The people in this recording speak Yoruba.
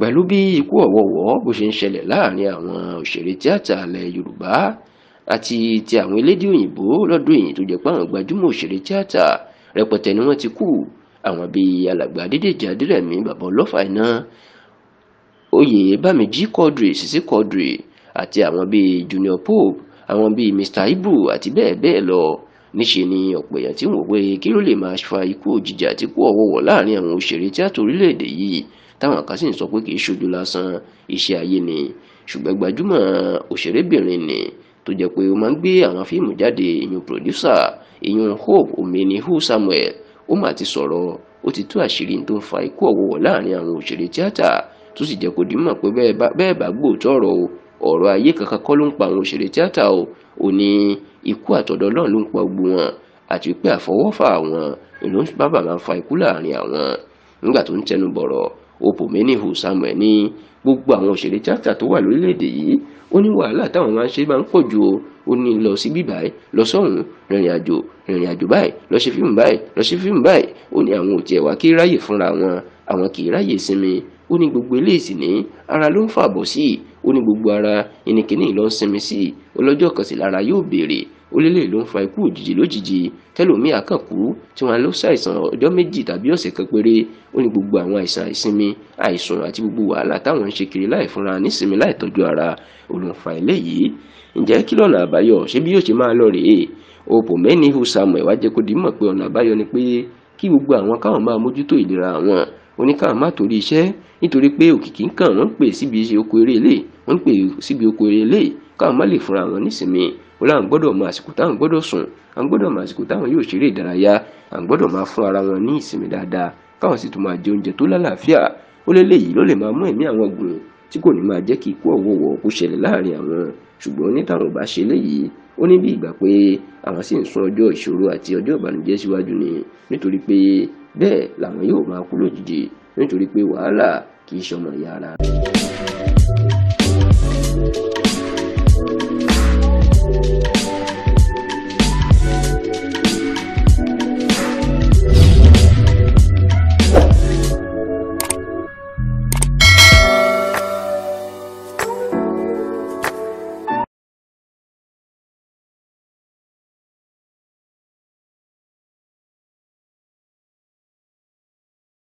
pẹ̀lú bí ikú ọ̀wọ̀ọ̀wọ́ bó ṣe ń ṣẹlẹ̀ láàrin àwọn òṣèré tíátà alẹ́ yorùbá àti ti àwọn elédè òyìnbó lọ́dún èyí tó jẹ́ pé àwọn gbajúmọ̀ òṣèré tíátà rẹpẹtẹ ni wọ́n ti kú àwọn bíi alàgbà adédèjì adérẹ̀mí bàbá ọlọ́fà iná oyè bámijì quadri sisi quadri àti àwọn bíi junior pope àwọn bíi mr ibu àti bẹ́ẹ̀ bẹ́ẹ̀ lọ níṣe ni ọ̀pọ̀ èèyàn tí wọ́n wé kí ló lè máa fa ikú òjijì àti ikú ọ̀wọ̀wọ̀ láàrin àwọn òṣèré tíátà orílẹ̀-èdè yìí táwọn kan sì ń sọ pé kì í ṣojú lásán iṣẹ́ ayé ni ṣùgbọ́n gbajúmọ̀ òṣèrébìnrin ni tó jẹ́ pé ó máa ń gbé àwọn fíìmù jáde ìyún pòdúsà ìyún Hope Omeni Hu Samuel ó mà ti sọ̀rọ̀ ó ti tú àṣírí tó ń fa ikú ọ̀wọ̀wọ̀ láàrin àwọn òṣèré tíátà tó sì jẹ́ kó dìímọ̀ pé bẹ́ẹ̀ bá gbòòtọ́ ọ̀rọ̀ o ọ̀rọ̀ ayé kankan kọ́ ló ń pa àwọn òṣèré tíátà o ò ní ikú àtọ̀dọ̀ náà ló ń pa gbogbo wọn àti pé àfọwọ́fà àwọn ló bábà máa ń fa ikú láàrin àwọn nígbà tó ń tẹnu bọ̀rọ̀ Obumenihu Samuel ní gbogbo àwọn òṣèré tíátà tó wà lórílẹ̀‐èdè yìí ó ní wàhálà táwọn máa ń ṣe máa ń pọ̀ ju o ó ní lọ sí bíbá ẹ lọ sọ́hún rìnrìn àjò rìnrìn àjò báyìí lọ ṣe fíìmù báyìí lọ ṣe fíìmù báyìí ó ní àwọn ò tiẹ̀ wá kí ráyè fúnra wọn àwọn kì í ráyè sinmi ó ní gbogbo eléyìí ní ara ló ń fàbọ̀ sí i ó ní gbogbo ara ìnìkíní ló sí i ọlọ́jọ́ kan sì lára yóò béèrè ó lélẹ̀ ló ń fa ikú òjijì lójijì tẹ́lòmíà kàn kú tí wọ́n lọ ṣàìsàn ọjọ́ méjì tàbí ọ̀sẹ̀ kan péré ó ní gbogbo àwọn àìsàn àìsinmi àìsùn àti gbogbo wàhálà táwọn ń ṣe kiri láì fúnra nísinmi láì tọ́jú ara olùfà eléyìí ǹjẹ́ kí lọ́nà àbáyọ ṣé bí yóò ṣe máa lọ rèé Opomeni Hu Samuel wá jẹ́ kó dì í mọ̀ pé ọ̀nà àbáyọ ni pé kí gbogbo àwọn káwọn máa mójútó ìlera àwọn oníkàwọn má torí iṣẹ́ nítorí pé òkìkí ń kàn wọ́n pè síbi oko eré ilé wọ́n pè síbi oko eré ilé káwọn má lè fúnra wọn nísinmi ó láwọn gbọ́dọ̀ mọ àsìkò táwọn gbọ́dọ̀ sùn àwọn gbọ́dọ̀ mọ àsìkò táwọn yóò ṣeré ìdárayá àwọn gbọ́dọ̀ máa fún ara wọn ní ìsinmi dáadáa káwọn sì tún máa jẹ oúnjẹ tó lálàáfíà ó lé léyìí ló lè máa mú ẹ̀mí àwọn gùn tí kò ní máa jẹ́ kí ikú ọ̀wọ̀wọ̀ kó ṣẹlẹ̀ láàrin àwọn ṣùgbọ́n ní bá ṣe léyìí ó ní bí ìgbà pé àwọn sì ń sún ọjọ́ ìṣòro àti ọjọ́ ìbànújẹ́ síwájú ni nítorí pé bẹ́ẹ̀ làwọn yóò máa kú lójijì nítorí pé wàhálà kì í ṣọmọ ìyá ara.